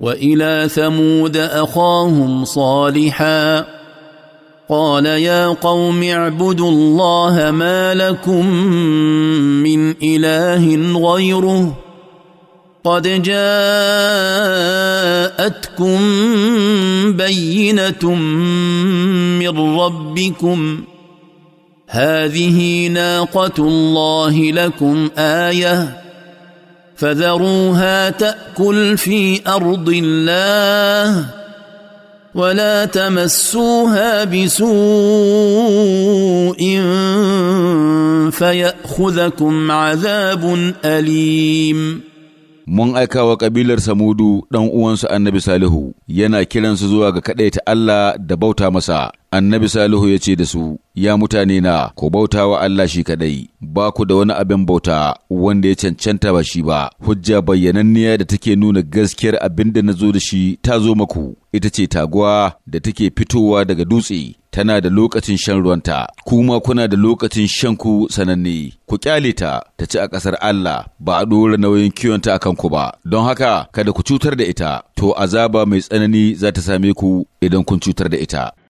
والى ثمود اخاهم صالحا قال يا قوم اعبدوا الله ما لكم من اله غيره قد جاءتكم بينه من ربكم هذه ناقه الله لكم ايه فذروها تاكل في ارض الله ولا تمسوها بسوء فياخذكم عذاب اليم mun aika wa kabilar Samudu ɗan uwansu Annabi Salihu yana kiransu zuwa ga kaɗaita Allah da bauta masa. Annabi Salihu ya ce da su, Ya mutane na, ku bauta wa Allah shi kaɗai, ba ku da wani abin bauta wanda ya cancanta ba shi ba, hujja bayyananniya da take nuna gaskiyar abin da na zo da shi ta zo maku, ita ce taguwa da take fitowa daga dutse, tana da lokacin shan ruwanta, kuma kuna da lokacin shan ku sananne, ku kyale ta ta ci a ƙasar Allah ba a ɗora nauyin kiwonta a kanku ba, don haka kada ku cutar da ita, to azaba mai tsanani za ta same ku idan kun cutar da ita.